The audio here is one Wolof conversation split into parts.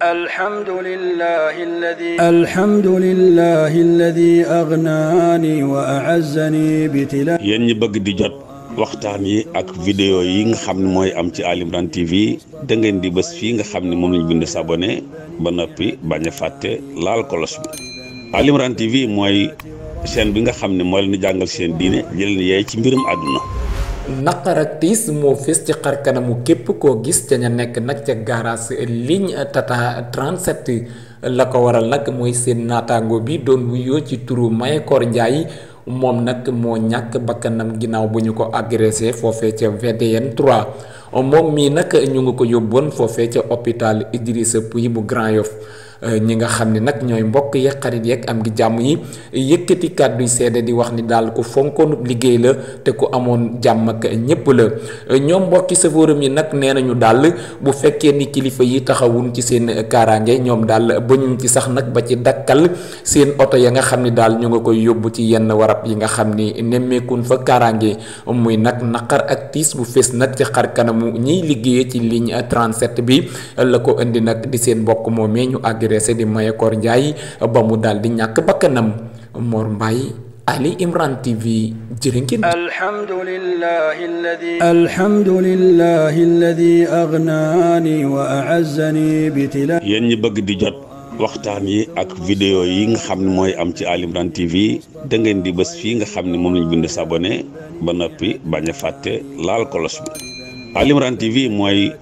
الحمد لله الذي الحمد لله الذي أغناني وأعزني بتلا yéen ñi bëgg di jot waxtaan yi ak vidéo yi nga xam ne mooy am ci Ali Imran TV da ngeen di bés fii nga xam ne moom lañ bind s'abonner ba noppi bañ a fàtte laal kolos bi Ali Imran TV mooy chaîne bi nga xam ne moo leen di jàngal seen diine jëleen yeey ci mbirum àdduna naqar moo fés ci xar kanamu képp koo gis ca ña nekk nag ca garage ligne Tata 37 la ko waral nag mooy seen naataango bi doon wuyoo ci turu Mayakor Ndiaye moom nag moo ñàkk bakkanam ginnaaw bu ñu ko agressé foofee ca VDN 3 moom mii nag ñu ngi ko yóbboon foofee ca hôpital Idrissa Pouye bu Grand Yoff Euh, ñi nga xam ne nag ñooy mbokk yeeg xarit yeeg am ngi jàmm yi yëkkati kàddu seede di wax ni daal ku fonkoonub liggéey la te ku amoon jàmm ak ñépp la euh, ñoom mbokki safóoram yi nag nee nañu daal bu fekkee ni kilifa yi taxawun ci seen kaaraange ñoom daal bañuñ ci sax nag ba ci dakkal seen oto ya nga xam ni daal ñu nga koy yóbbu ci yenn warab yi nga xam ni nemmeekun fa kaaraange muy nag naqar ak tiis bu fees nag ci xar kanamu ñiy liggéeyee ci ligne 37 bi la ko indi nag di seen mbokk moomee ñu àgg agressé di Mayakor njaay ba mu daal di ñàkk bakkanam Mor Mbaye Ali Imran TV jërëngeen alhamdulillahi alladi bëgg di jot waxtaan yi ak vidéo yi nga xam ne mooy am ci Ali Imran TV da di bés fii nga xam ne moom lañ bind s'abonné ba noppi bañ a fàtte laal kolos bi Ali Imran TV mooy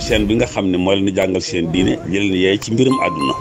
seen bi nga xam ne mooy leen di jàngal seen diine jëleen yee ci mbirum àdduna